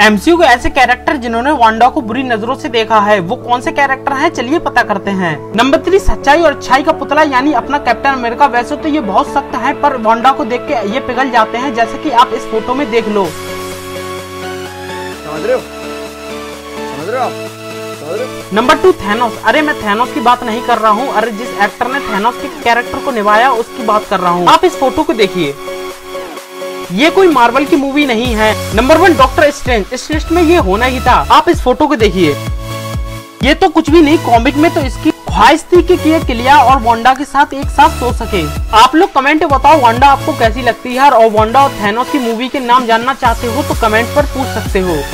MCU के ऐसे character जिन्होंने वांडा को बुरी नजरों से देखा है वो कौन से कैरेक्टर हैं चलिए पता करते हैं नंबर थ्री सच्चाई और अच्छाई का पुतला यानी अपना कैप्टन अमेरिका वैसे तो ये बहुत सख्त है पर वांडा को देख के ये पिघल जाते हैं जैसे कि आप इस फोटो में देख लो समझ रहे हो समझ रहे हो नंबर टू थैनोस अरे मैं थैनोस की बात नहीं कर रहा हूँ अरे जिस एक्टर ने थैनोस के कैरेक्टर को निभाया उसकी बात कर रहा हूँ आप इस फोटो को देखिए ये कोई मार्वल की मूवी नहीं है नंबर वन डॉक्टर स्ट्रेंज इस लिस्ट में ये होना ही था आप इस फोटो को देखिए ये तो कुछ भी नहीं कॉमिक में तो इसकी ख्वाहिश थी कि ये किलिया और वांडा के साथ एक साथ सो सके आप लोग कमेंट बताओ वांडा आपको कैसी लगती है और वांडा और थैनोस की मूवी के नाम जानना चाहते हो तो कमेंट पर पूछ सकते हो